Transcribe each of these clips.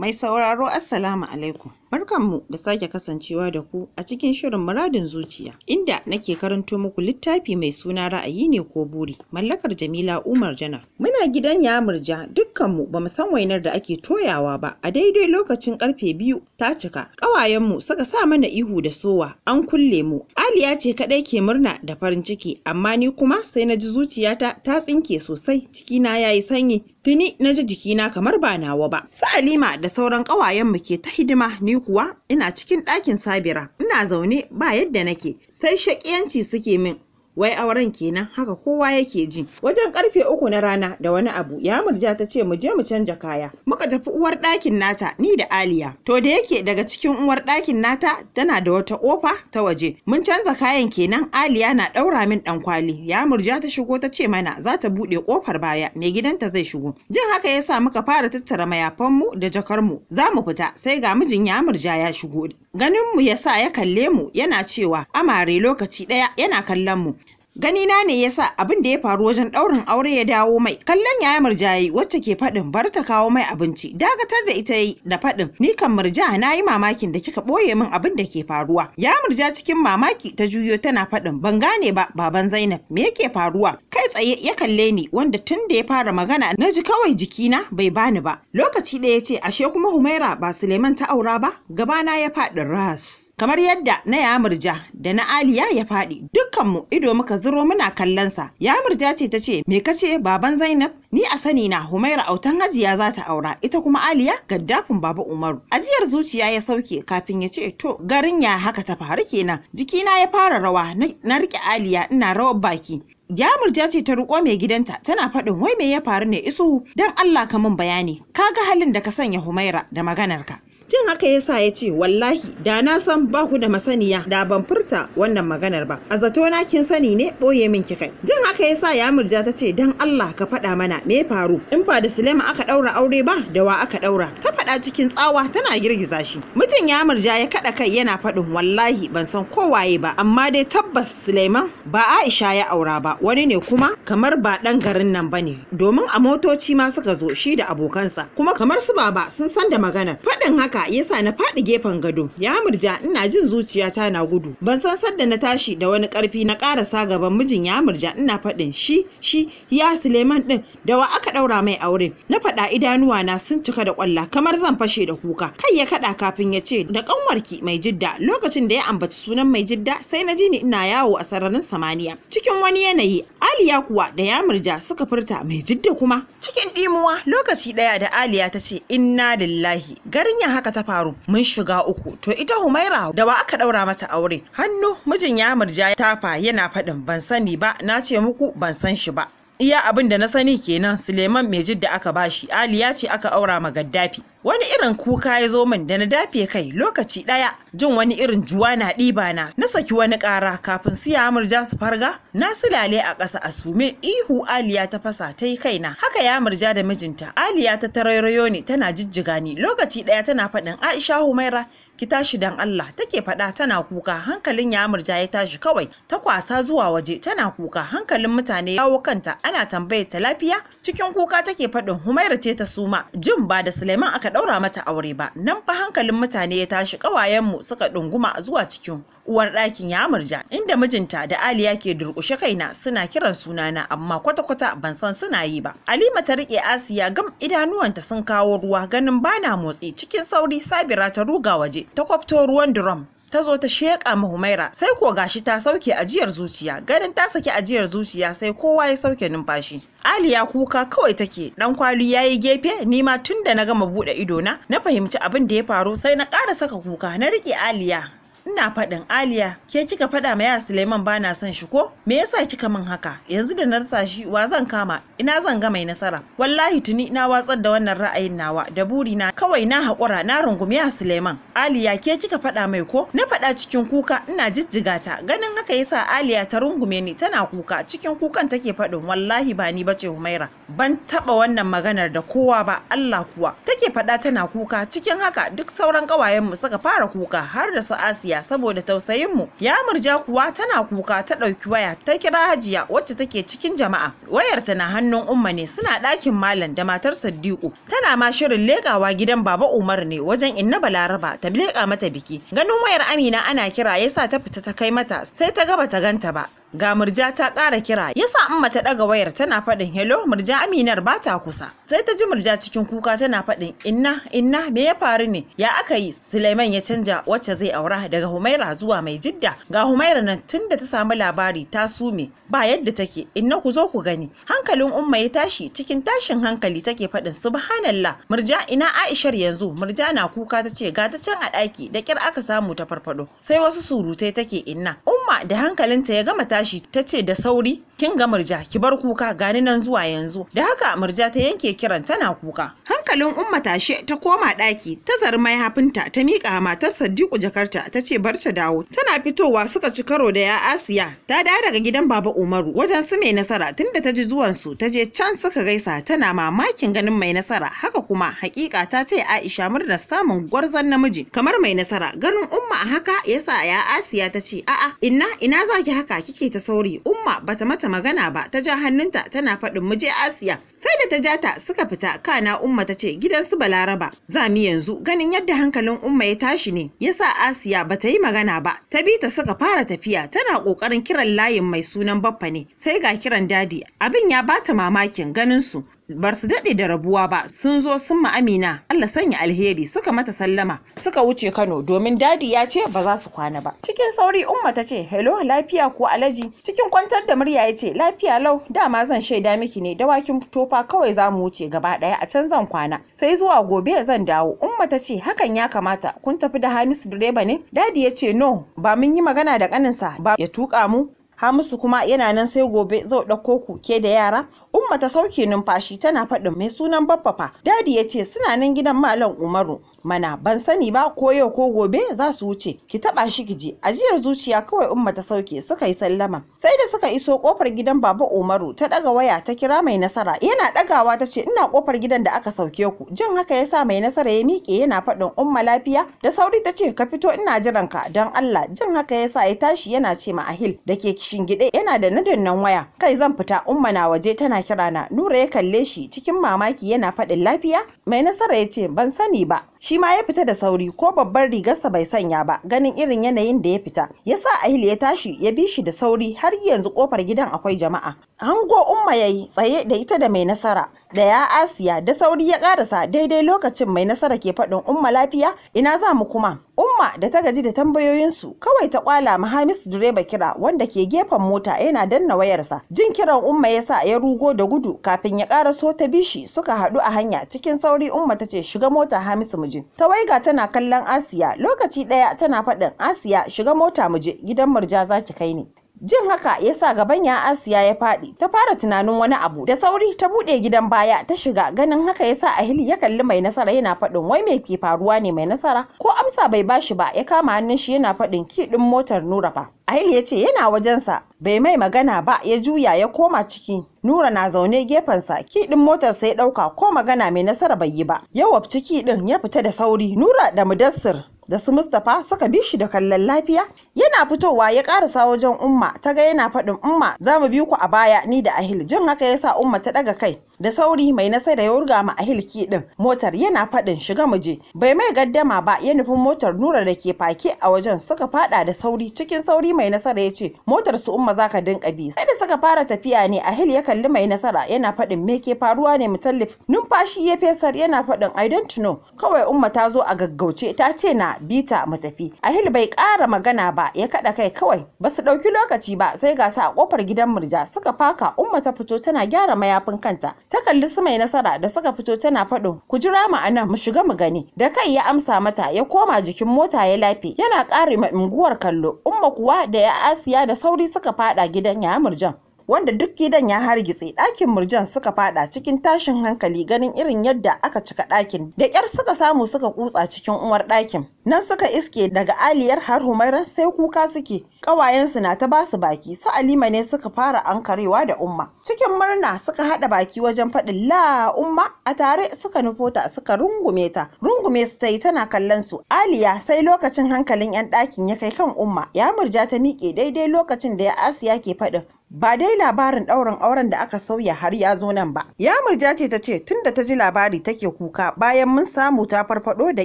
Mai sauraro Assalamu alaikum. Barkanmu da sake kasancewa da ku a cikin shirin muradin zuciya inda nake karanto muku littafi mai suna ra'ayi ne ko buri mallakar Jamila Umar Janar. Muna gidan ya murja dukkanmu ba mu san wainar da ake toyawa ba a daidai lokacin karfe biyu ta cika. ƙawayenmu suka sa mana ihu da sowa an kulle mu aliya ce kaɗai ke murna da farin ciki amma ni kuma sai na ji zuciyata ta tsinke sosai cikina ya yi sanyi tuni na ji jikina kamar ba nawa ba su alima da sauran ƙawayenmu ke ta hidima ni kuwa ina cikin ɗakin sabira ina zaune ba yadda nake sai shaƙiyanci suke min wai auren kenan haka kowa yake ji wajen karfe uku na rana da wani abu ya murja ta ce mu je mu canja kaya muka tafi uwar ɗakin nata ni da aliya to da yake daga cikin uwar ɗakin nata tana da wata ƙofa ta waje mun canza kayan kenan aliya na ɗaura min ɗan kwali ya murja ta shigo ta ce mana za ta buɗe kofar baya mai gidanta zai shigo jin haka yasa muka fara tattara mayafanmu da jakarmu za mu fita sai ga mijin ya murja ya shigo ganinmu yasa ya kalle mu yana cewa amare lokaci ɗaya yana kallon mu ganina ne yasa abin da ya faru wajen ɗaurin aure ya dawo mai kallon yaya murjayi wacce ke faɗin bar ta kawo mai abinci dakatar da ita yi da faɗin ni kan murja na yi mamakin da kika ɓoye min abin da ke faruwa ya murja cikin mamaki ta juyo tana faɗin ban gane ba baban zainab me yake faruwa kai tsaye ya kalle ni wanda tun da ya fara magana na ji kawai jikina bai bani ba lokaci ɗaya ce ashe kuma humaira ba suleiman ta aura ba gabana ya faɗi ras kamar yadda na yamurja da na aliya ya faɗi dukkanmu ido muka zuro muna kallonsa yamurja ce ta ce me kace baban zainab ni a sani na humaira autan hajiya za ta aura ita kuma aliya gaddafin baba umaru ajiyar zuciya ya sauke kafin ya ce to garin ya haka ta faru kenan jikina ya fara rawa na rike aliya ina rawar baki ya murja ce ta riko mai gidanta tana faɗin wai me ya faru ne isu dan Allah ka mun bayani kaga halin da ka sanya Humaira da maganarka jin haka yasa ya ce wallahi da na san ba ku da masaniya da ban furta wannan maganar ba a zato na kin sani ne boye min ki kai jin haka yasa ya murja ta ce dan Allah ka faɗa mana me faru in ba da Sulema aka daura aure ba da wa aka daura ta faɗa cikin tsawa tana girgiza shi mutum ya murja ya kada kai yana faɗin wallahi ban san kowaye ba amma dai tabbas Suleiman ba Aisha ya aura ba wani ne kuma kamar ba dan garin nan bane domin a motoci ma suka zo shi da abokansa kuma kamar su baba sun san da magana. faɗin haka haka yasa na faɗi gefen gado ya murja ina jin zuciyata na gudu ban san sadda na tashi da wani ƙarfi na ƙarasa gaban mijin ya murja ina faɗin shi shi ya Suleiman ɗin da wa aka ɗaura mai auren? na faɗa idanuwa na sun cika da ƙwalla kamar zan fashe da kuka kai ya kaɗa kafin ya ce da ƙanwarki mai jidda lokacin da ya ambaci sunan mai jidda sai na ji ni ina yawo a sararin samaniya cikin wani yanayi Aliya kuwa da ya murja suka furta mai jidda kuma cikin ɗimuwa lokaci ɗaya da Aliya ta ce inna lillahi garin haka haka ta faru mun shiga uku to ita humaira da ba aka daura mata aure hannu mijin ya murja ya tafa yana faɗin ban sani ba na ce muku ban san shi ba iya abin da na sani kenan suleiman mai jidda aka bashi ya ce aka aura ma gaddafi wani irin kuka ya zo min da na dafe kai lokaci ɗaya jin wani irin juwa na ɗiba na na saki wani ƙara kafin siya murja su farga na silale a ƙasa a sume ihu aliya ta fasa ta yi kaina haka ya murja da mijinta aliya ta tarairayo ne tana jijjiga ni lokaci ɗaya tana faɗin aisha humaira ki tashi dan Allah take faɗa tana kuka hankalin ya murja ya tashi kawai ta kwasa zuwa waje tana kuka hankalin mutane yawo kanta ana tambayar ta lafiya cikin kuka take faɗin humaira ce ta suma jin ba da suleiman aka ɗaura mata aure ba nan fa hankalin mutane ya tashi ƙawayenmu suka ɗunguma zuwa cikin uwar ɗakin ya murja inda mijinta da aliya ke durƙushe kaina suna kiran sunana amma kwata-kwata ban san suna yi ba alima ta riƙe asiya gam idanuwanta sun kawo ruwa ganin bana motsi cikin sauri sabira ta ruga waje ta kwafto ruwan drum ta zo ta sheƙa ma Humaira sai ko gashi ta sauke ajiyar zuciya ganin ta saki ajiyar zuciya sai kowa ya sauke numfashi Aliya kuka kawai take dan kwali yayi gefe ni ma tunda na gama bude ido na na fahimci abin da ya faru sai na ƙara saka kuka na riƙe Aliya ina faɗin aliya ke kika faɗa ma ya suleiman ba na son shi ko me yasa kika min haka yanzu da na rasa shi wa zan kama ina zan ga mai nasara wallahi tuni ina watsar da wannan ra'ayin nawa da buri na kawai na haƙura na rungumi ya suleiman aliya ke kika faɗa mai ko na faɗa cikin kuka ina jijjiga ta ganin haka yasa aliya ta rungume ni tana kuka cikin kukan take faɗin wallahi ba ni bace humaira ban taɓa wannan maganar da kowa ba allah kuwa take faɗa tana kuka cikin haka duk sauran ƙawayenmu suka fara kuka har da su asiya hajiya saboda tausayinmu ya murja kuwa tana kuka ta ɗauki waya ta kira hajiya wacce take cikin jama'a wayar ta na hannun umma ne suna ɗakin malam da matar sadiku tana ma shirin leƙawa gidan baba umar ne wajen inna balaraba ta leƙa mata biki ganin wayar amina ana kira yasa ta fita ta kai mata sai ta gaba ta ganta ba Ga Murja ta ƙara kira, yasa Amma ta ɗaga wayar tana faɗin hello Murja Aminar ba ta kusa. Sai ta ji Murja cikin kuka tana faɗin inna inna me ya faru ne? Ya aka yi Sulaiman ya canja wacce zai aura daga Humaira zuwa mai jidda. Ga Humaira nan tunda ta samu labari ta sume ba yadda take inna ku zo ku gani. Hankalin Umma ya tashi cikin tashin hankali take faɗin subhanallah Murja ina Aishar yanzu Murja na kuka ta ce ga ta can a ɗaki da kyar aka samu ta farfado. Sai wasu surutai take inna. Umma da hankalinta ya gama ta tashi ta ce da sauri kin ga murja ki bar kuka gani nan zuwa yanzu da haka murja ta yanke kiran tana kuka hankalin umma she ta koma ɗaki ta zari mai hafinta ta mika matar sadiku jakarta ta ce bar ta dawo tana fitowa suka ci karo da ya asiya ta dawo daga gidan baba umaru wajen su mai nasara tunda ta ji zuwan su ta je can suka gaisa tana mamakin ganin mai nasara haka kuma hakika ta ce aisha murna samun gwarzon namiji kamar mai nasara ganin umma a haka yasa ya asiya ta ce a'a inna ina zaki haka kike ta sauri umma bata mata masa magana ba ta ja hannunta tana faɗin mu je Asiya sai da ta ja ta suka fita kana Umma ta ce gidan su Balaraba za mu yanzu ganin yadda hankalin Umma ya tashi ne yasa Asiya ba ta yi magana ba ta bi ta suka fara tafiya tana kokarin kiran layin mai sunan Baffa ne sai ga kiran dadi abin ya bata mamakin ganin su ba su daɗe da rabuwa ba sun zo sun ma amina allah sanya alheri suka mata sallama suka wuce kano domin dadi ya ce ba za su kwana ba cikin sauri umma ta ce hello lafiya ko alaji cikin kwantar da murya ya ce lafiya lau dama zan shaida miki ne dawakin tofa kawai za mu wuce gaba ɗaya a can zan kwana sai zuwa gobe zan dawo umma ta ce hakan ya kamata kun tafi da hamisu direba ne dadi ya ce no ba mun yi magana da kaninsa ba ya tuka mu Hamisu kuma yana nan sai gobe zau ɗauko kuke da yara. Umma ta sauke numfashi tana faɗin mai sunan babbafa Dadi ya ce suna nan gidan Malam Umaru. mana ban sani ba ko yau ko gobe za su wuce ki taba shi ki je ajiyar zuciya kawai umma ta sauke suka yi sallama sai da suka iso kofar gidan baba Umaru ta daga waya ta kira mai nasara yana dagawa ta ce ina kofar gidan da aka sauke ku jin haka ya sa mai nasara ya miƙe yana faɗin umma lafiya da sauri ta ce ka fito ina jiran ka don Allah jin haka ya sa ya tashi yana ce ma Ahil da ke kishin gide yana da nadin nan waya kai zan fita umma na waje tana kira na Nura ya kalle shi cikin mamaki yana faɗin lafiya mai nasara ya ce ban sani ba shi ma ya fita da sauri ko babbar rigarsa bai sanya ba ganin irin yanayin da ya fita yasa ahil ya tashi ya bi shi da sauri har yanzu kofar gidan akwai jama'a hango umma ya yi tsaye da ita da mai nasara da ya asiya da sauri ya karasa daidai lokacin mai nasara ke faɗin umma lafiya ina za mu kuma umma da ta gaji da tambayoyinsu kawai ta kwala mahamis direba kira wanda ke gefen mota yana danna wayarsa jin kiran umma ya sa ya rugo da gudu kafin ya karaso ta bishi suka haɗu a hanya cikin sauri umma ta ce shiga mota hamisu muje ta waiga tana kallon asiya lokaci ɗaya tana faɗin asiya shiga mota muje gidan murja zaki kai ni Jin haka ya sa gaban ya Asiya ya faɗi, ta fara tunanin wani abu. Da sauri ta buɗe gidan baya ta shiga ganin haka ya sa Ahili ya kalli mai nasara yana faɗin wai mai ke faruwa ne mai nasara ko amsa bai bashi ba ya kama hannun shi yana faɗin kiɗin motar Nura ba. Ahili ya ce yana wajensa bai mai magana ba ya juya ya koma ciki. Nura na zaune gefen gefensa kiɗin motar ya ɗauka ko magana mai nasara bai yi ba. Yawab ciki ɗin ya fita da sauri Nura da Mudassir da su Mustapha suka bi shi da kallon lafiya. Yana fitowa ya karasa wajen Umma ta ga yana faɗin Umma za mu bi ku a baya ni da Ahil jin haka ya sa Umma ta ɗaga kai da sauri mai nasai da ya wurga ma Ahil ki ɗin motar yana faɗin shiga muje Bai mai gaddama ba ya nufin motar Nura da ke fake a wajen suka fada da sauri cikin sauri mai nasara ya ce motar su Umma za ka dinka bi. Sai da suka fara tafiya ne Ahil ya kalli mai nasara yana faɗin me ke faruwa ne mutallif numfashi ya fesar yana faɗin I don't know kawai Umma ta zo a gaggauce ta ce na bita mu tafi ahil bai ƙara magana ba ya kaɗa kai kawai ba su ɗauki lokaci ba sai ga sa a ƙofar gidan murja suka faka umma ta fito tana gyara mayafin kanta ta kalli su mai nasara da suka fito tana faɗo ku jira mu anan mu shiga mu gani da kai ya amsa mata ya koma jikin mota ya lafi. yana ƙare ma unguwar kallo umma kuwa da ya asiya da sauri suka faɗa gidan ya murjan wanda duk gidan ya hargitse ɗakin murjan suka fada cikin tashin hankali ganin irin yadda aka cika ɗakin da kyar suka samu suka kutsa cikin uwar ɗakin nan suka iske daga aliyar har humaira sai kuka suke ƙawayensu na ta basu baki su alima ne suka fara ankarewa da umma cikin murna suka haɗa baki wajen faɗin la umma a tare suka nufo ta suka rungume ta rungume su ta yi tana kallon su aliya sai lokacin hankalin 'yan ɗakin ya kai kan umma ya murja ta miƙe daidai lokacin da ya asiya ke faɗin ba dai labarin ɗaurin auren da aka sauya har ya zo nan ba ya murja ce ta ce tun da ta ji labari take kuka bayan mun samu ta farfado da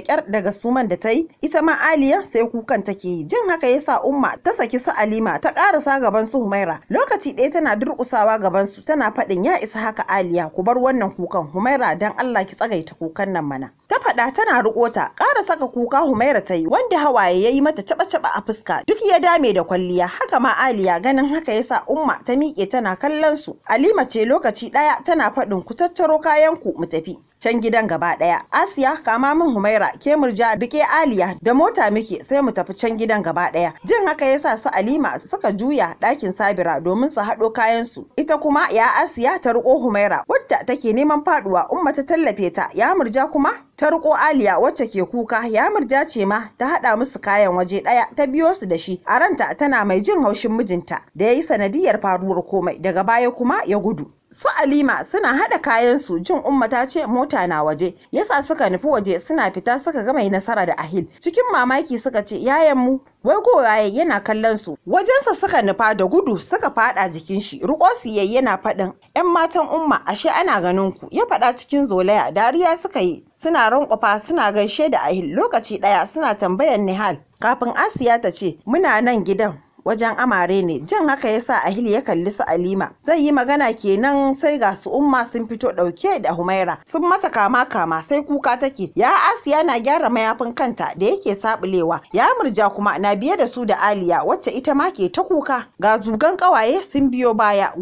ƙyar daga suman da ta yi ita ma aliya sai kukan take yi jin haka ya sa umma ta saki su alima ta karasa gaban su humaira lokaci ɗaya tana durƙusawa gaban su tana faɗin ya isa haka aliya ku bar wannan kukan humaira dan allah ki tsagaita kukan nan mana ta faɗa tana riƙo ta ƙara saka kuka humaira ta yi wanda hawaye ya yi mata caɓa-caɓa a fuska duk ya dame da kwalliya haka ma aliya ganin haka ya sa umma ta miƙe tana kallon su alima ce lokaci ɗaya tana faɗin ku tattaro kayan ku mu tafi can gidan gaba ɗaya asiya kama min humaira ke murja rike aliya da mota muke sai mu tafi can gidan gaba ɗaya jin haka ya sa su alima suka juya ɗakin sabira domin su haɗo kayan su ita kuma ya asiya ta riƙo humaira wadda take neman faɗuwa umma ta tallafe ta ya murja kuma ta riko Aliya wacce ke kuka ya murja ce ma ta haɗa musu kayan waje ɗaya ta biyo su da shi a ranta tana mai jin haushin mijinta da ya yi sanadiyar faruwar komai daga baya kuma ya gudu. su Alima suna haɗa kayan su jin Umma ta ce mota na waje yasa suka nufi waje suna fita suka ga mai nasara da Ahil cikin mamaki suka ce yayan mu wai goyaye yana kallon su wajensa suka nufa da gudu suka fada jikin shi riko siyayya yana faɗin yan matan Umma ashe ana ganin ku ya faɗa cikin zolaya dariya suka yi suna rankwafa suna gaishe da ahil lokaci ɗaya suna tambayar nihal kafin asiya ta ce muna nan gidan wajen amare ne jan haka yasa ahil ya kalli su alima zai yi magana kenan sai ga su umma sun fito ɗauke da humaira sun mata kama kama sai kuka take ya asiya na gyara mayafin kanta da yake sabulewa ya murja kuma na biye da su da aliya wacce ita ma ke ta kuka ga zugan kawaye sun biyo baya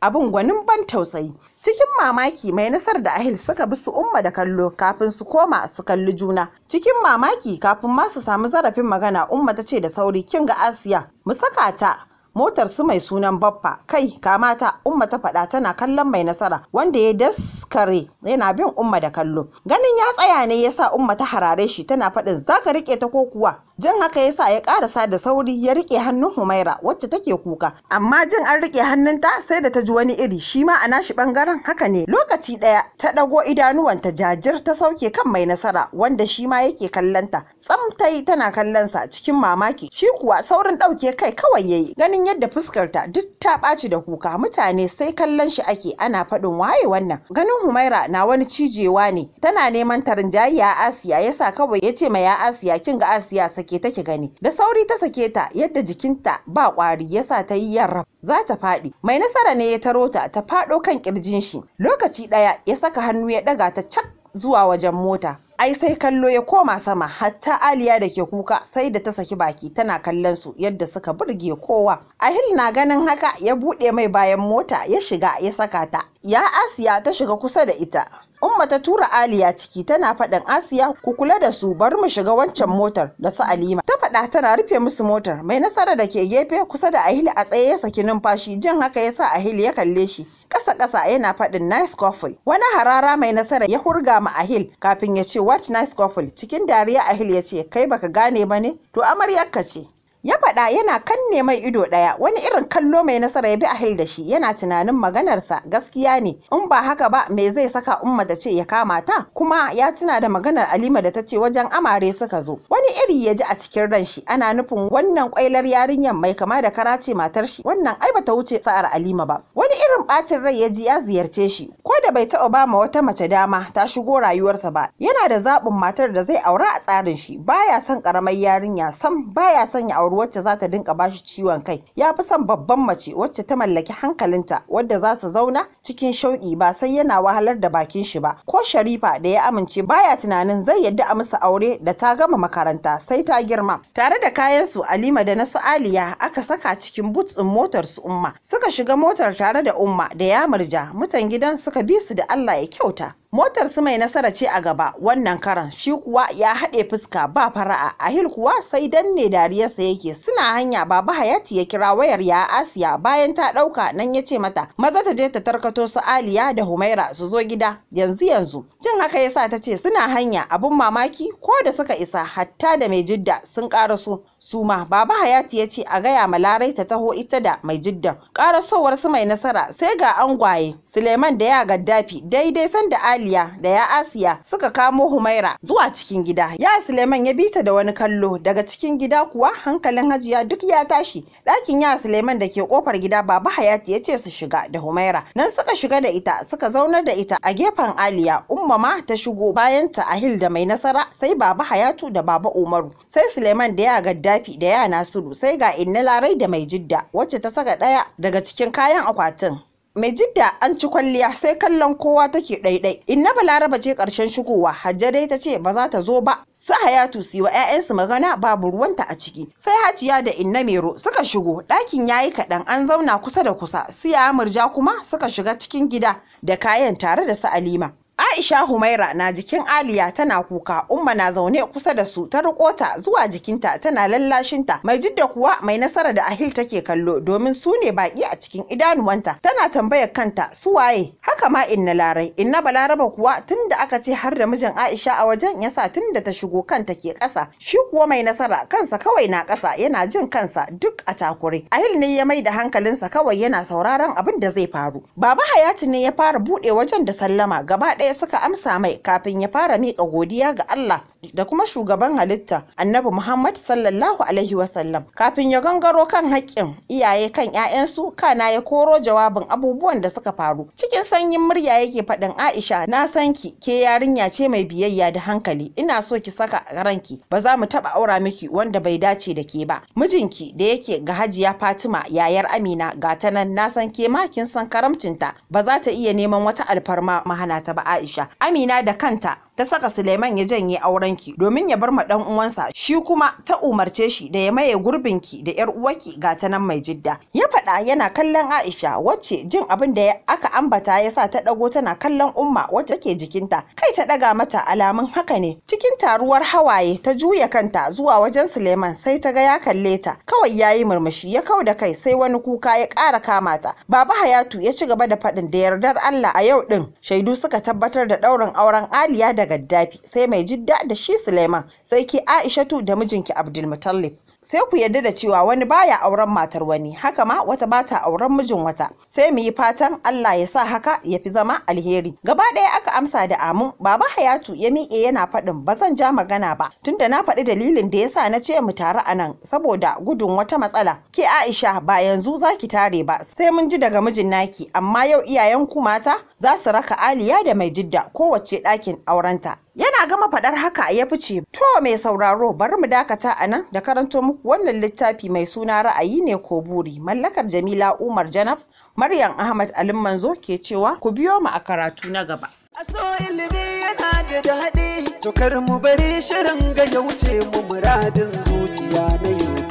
abin gwanin ban tausayi Cikin mamaki mai nasar da Ahil suka bi su umma da kallo kafin su koma su kalli juna. Cikin mamaki kafin ma su samu zarafin magana umma ta ce da sauri kin ga Asiya mu saka ta motar su mai sunan baffa kai kamata umma ta faɗa tana kallon mai nasara wanda ya daskare yana bin umma da kallo ganin ya tsaya ne yasa umma ta harare shi tana faɗin zaka rike ta ko kuwa Jin haka ya sa ya karasa da sauri ya rike hannun Humaira wacce take kuka. Amma jin an rike hannunta sai da ta ji wani iri shi ma a nashi bangaren haka ne. Lokaci ɗaya ta ɗago idanuwanta jajir ta sauke kan mai nasara wanda shi ma yake kallonta. Tsamtai tana kallonsa cikin mamaki. Shi kuwa saurin ɗauke kai kawai yayi ganin yadda fuskarta duk ta ɓaci da kuka mutane sai kallon shi ake ana faɗin waye wannan. Ganin Humaira na wani cijewa ne tana neman tarin jayi ya Asiya yasa kawai ya ce ma ya Asiya kin ga Asiya sake ta ki gani da sauri ta sake ta yadda jikinta ba kwari yasa ta yi yarra za ta faɗi mai nasara ne ya taro ta ta faɗo kan kirjin shi lokaci ɗaya ya saka hannu ya ɗaga ta cak zuwa wajen mota ai sai kallo ya koma sama hatta aliya da ke kuka sai da ta saki baki tana kallon su yadda suka burge kowa ahil na ganin haka ya buɗe mai bayan mota ya shiga ya saka ta ya asiya ta shiga kusa da ita Umma ta tura Aliya ciki tana faɗin Asiya ku kula da su bari mu shiga wancan motar da su Alima. Ta faɗa tana rufe musu motar mai nasara da ke gefe kusa da Ahili a tsaye ya saki numfashi jin haka ya sa Ahili ya kalle shi ƙasa ƙasa yana faɗin nice coffee. Wani harara mai nasara ya hurga ma Ahil kafin ya ce what nice coffee cikin dariya Ahil ya ce kai baka gane ba ne to amaryarka ce. ya faɗa yana kanne mai ido ɗaya wani irin kallo mai nasara ya bi a da shi yana tunanin maganarsa gaskiya ne in ba haka ba me zai saka umma da ce ya kama ta kuma ya tuna da maganar alima da ta ce wajen amare suka zo wani iri ya ji a cikin ran shi ana nufin wannan kwailar yarinyar mai kama da karace matar shi wannan ai bata wuce sa'ar alima ba wani irin ɓacin rai ya ji ya ziyarce shi ko da bai taɓa ba ma wata mace dama ta shigo rayuwarsa ba yana da zaɓin matar da zai aura a tsarin shi baya son ƙaramar yarinya sam baya son ya auri wacce za ta dinka bashi ciwon kai ya fi son babban mace wacce ta mallaki hankalinta wadda za su zauna cikin shauƙi ba sai yana wahalar da bakin shi ba ko sharifa da ya amince baya tunanin zai yadda a musu aure da ta gama makaranta sai ta girma tare da kayan su alima da na su aliya aka saka cikin butsin motar su umma suka shiga motar tare da umma da ya murja mutan gidan suka bi su da Allah ya kyauta motar su mai nasara ce a gaba wannan karan shi kuwa ya haɗe fuska ba fara'a A hil kuwa sai danne dariyarsa yake suna hanya baba hayati ya kira wayar ya asiya bayan ta ɗauka nan ya ce mata maza ta je ta tarkato su aliya da humaira su zo gida yanzu yanzu jin haka yasa ta ce suna hanya abun mamaki ko da suka isa hatta da mai jidda sun ƙaraso suma baba hayati ya ce a gaya ma larai ta taho ita da mai jiddan karasowar su mai nasara sai ga angwaye suleiman da ya gaddafi daidai san da aliya da ya asiya suka kamo humaira zuwa cikin gida ya suleiman ya bita da wani kallo daga cikin gida kuwa hankalin hajiya duk ya tashi ɗakin ya suleiman da ke kofar gida baba hayati ya ce su shiga da humaira nan suka shiga da ita suka zaunar da ita a gefen aliya ummama ta shigo bayanta ahil da mai nasara sai baba hayatu da baba umaru sai suleiman da ya gaddafi Zafi da yana nasiru sai ga inna larai da mai jidda wacce ta saka ɗaya daga cikin kayan akwatin mai jidda an ci kwalliya sai kallon kowa take ɗaiɗai inna balaraba ce ƙarshen shigowa hajja dai ta ce ba za ta zo ba su hayatu su wa 'ya'yansu magana babu ruwanta a ciki sai hajiya da inna mero suka shigo ɗakin yayi kaɗan an zauna kusa da kusa siya murja kuma suka shiga cikin gida da kayan tare da su alima Aisha Humaira na jikin Aliya tana kuka, Umma na zaune kusa da su ta riko ta zuwa jikinta tana lallashinta. Mai jidda kuwa mai nasara da Ahil take kallo domin su ne baki a cikin idanuwanta. Tana tambayar kanta su waye? Haka ma Inna Larai, Inna Balaraba kuwa tunda aka ce har da mijin Aisha a wajen yasa tunda ta shigo kanta ke ƙasa. Shi kuwa mai nasara kansa kawai na ƙasa yana jin kansa duk a takure. Ahil ne ya mai da hankalinsa kawai yana sauraron abin da zai faru. Baba Hayati ne ya fara buɗe wajen da sallama gaba ɗaya ɗaya suka amsa mai kafin ya fara miƙa godiya ga Allah da kuma shugaban halitta annabi Muhammad sallallahu alaihi wasallam kafin ya gangaro kan haƙƙin iyaye kan 'ya'yansu kana ya koro jawabin abubuwan da suka faru cikin sanyin murya yake faɗin Aisha na san ki ke yarinya ce mai biyayya da hankali ina so ki saka ranki ba za mu taɓa aura miki wanda bai dace da ke ba mijinki da yake ga Hajiya Fatima yayar Amina ga ta nan na san ke ma kin san karamcinta ba za ta iya neman wata alfarma mahana ta ba Aisha, Amina da kanta ta saka Suleiman ya janye aurenki domin ya bar ma dan uwansa shi kuma ta umarce shi da ya maye gurbinki da yar uwarki ga ta nan mai jidda ya faɗa yana kallon Aisha wacce jin abin da aka ambata yasa ta dago tana kallon Umma wacce take jikinta kai ta daga mata alamun haka ne cikin taruwar hawaye ta juya kanta zuwa wajen Suleiman sai ta ga ya kalle ta kawai yayi murmushi ya kau da kai sai wani kuka ya ƙara kamata. baba Hayatu ya ci gaba da faɗin da yardar Allah a yau din shaidu suka tabbatar da ɗaurin auren Aliya da da Gaddafi sai mai jidda da shi Suleiman sai ki Aishatu da mijinki Abdulmutallib sai ku yarda da cewa wani baya auren matar wani haka ma wata bata auren mijin wata sai mu yi fatan Allah ya sa haka ya fi zama alheri gaba ɗaya aka amsa da amin baba Hayatu ya miƙe yana faɗin ba zan ja magana ba tunda na faɗi dalilin da yasa na ce mu taru a nan saboda gudun wata matsala ke Aisha ba yanzu za ki tare ba sai mun ji daga mijin naki amma yau iyayen ku mata za su raka Aliya da mai jidda kowace ɗakin aurenta Yana gama faɗar haka ya fice. To mai sauraro bari mu dakata a nan da karanto muku wannan littafi mai suna ra'ayi ne ko buri mallakar Jamila Umar Janab Maryam Ahmad Alim Manzo ke cewa ku biyo mu a karatu na gaba. Aso ilimi yana da daɗi, to mu bari shirin ga ya wuce mu muradin zuciya na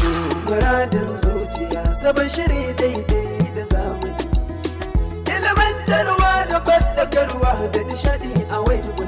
Muradin zuciya sabon shiri daidai da zamani. Ilimantarwa da fadakarwa da nishaɗi a waidu